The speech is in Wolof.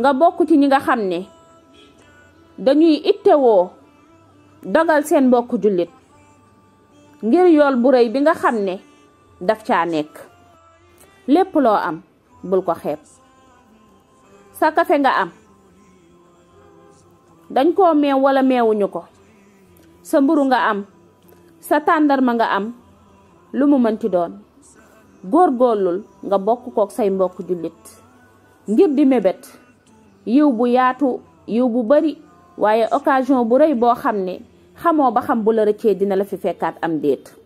nga bokk ci ñi nga xam ne dañuy ittewoo dogal seen mbokk jullit ngir yool bu rëy bi nga xam ne daf caa nekk lépp loo am bul ko xeeb sa kafe nga am dañ koo meew wala meewuñu ko sa mburu nga am sa tàndarma nga am lu mu mënti doon góorgóorlul nga bokk kook say mbokk jullit ngir di mebet yiw bu yaatu yiw bu bari waaye occasion bu rëy boo xam ne xamoo ba xam bu la rëccee dina la fi fekkaat am déet